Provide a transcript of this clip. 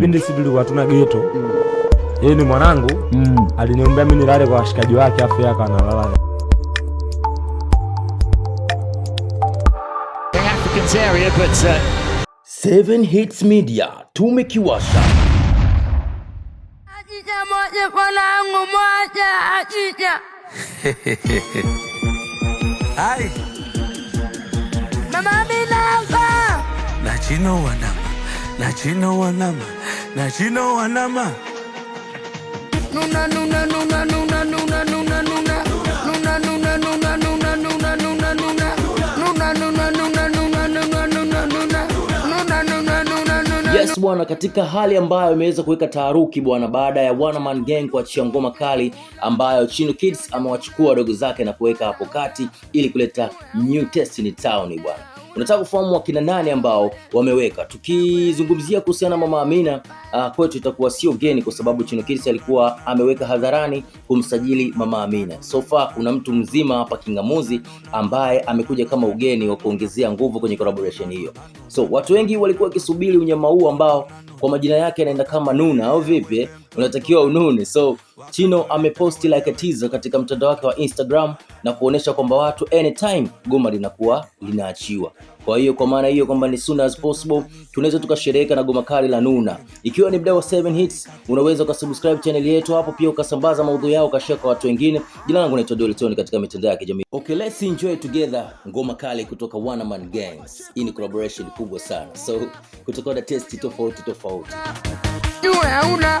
kipindi mm. sisi tulikuwa tuna geto mm. Yeye ni mwanangu mm. Aliniombea mimi nilale kwa washikaji wake, afu yeye akanalala uh, Seven Hits Media tumekiwasha moja Hai. Mama Milanga nachino wanama nachino wanama na you wanama Yes bwana, katika hali ambayo imeweza kuweka taharuki bwana, baada ya One Man Gang kuachia ngoma kali ambayo Chino Kids amewachukua wadogo zake na kuweka hapo kati ili kuleta new test in town bwana unataka kufahamu wakina nani ambao wameweka. Tukizungumzia kuhusiana mama Amina, uh, kwetu itakuwa sio geni kwa sababu Chino alikuwa ameweka hadharani kumsajili mama Amina. So far kuna mtu mzima hapa Kingamuzi ambaye amekuja kama ugeni wa kuongezea nguvu kwenye collaboration hiyo. So watu wengi walikuwa wakisubiri unyama huu ambao kwa majina yake anaenda kama Nuna au vipi, unatakiwa ununi so Chino ameposti like a teaser katika mtandao wake wa Instagram na kuonesha kwamba watu anytime goma linakuwa linaachiwa. Kwa hiyo kwa maana hiyo kwamba ni soon as possible tunaweza tukashereheka na goma kali la Nuna. Ikiwa ni mdau wa 7 hits, unaweza ukasubscribe channel yetu hapo, pia ukasambaza maudhui yao ukashare kwa watu wengine. Jina langu naitwa Dolton katika mitandao ya kijamii. Okay, let's enjoy together ngoma kali kutoka One Man Gangs. Hii ni collaboration kubwa sana, so kutakuwa na testi tofauti tofauti. Hauna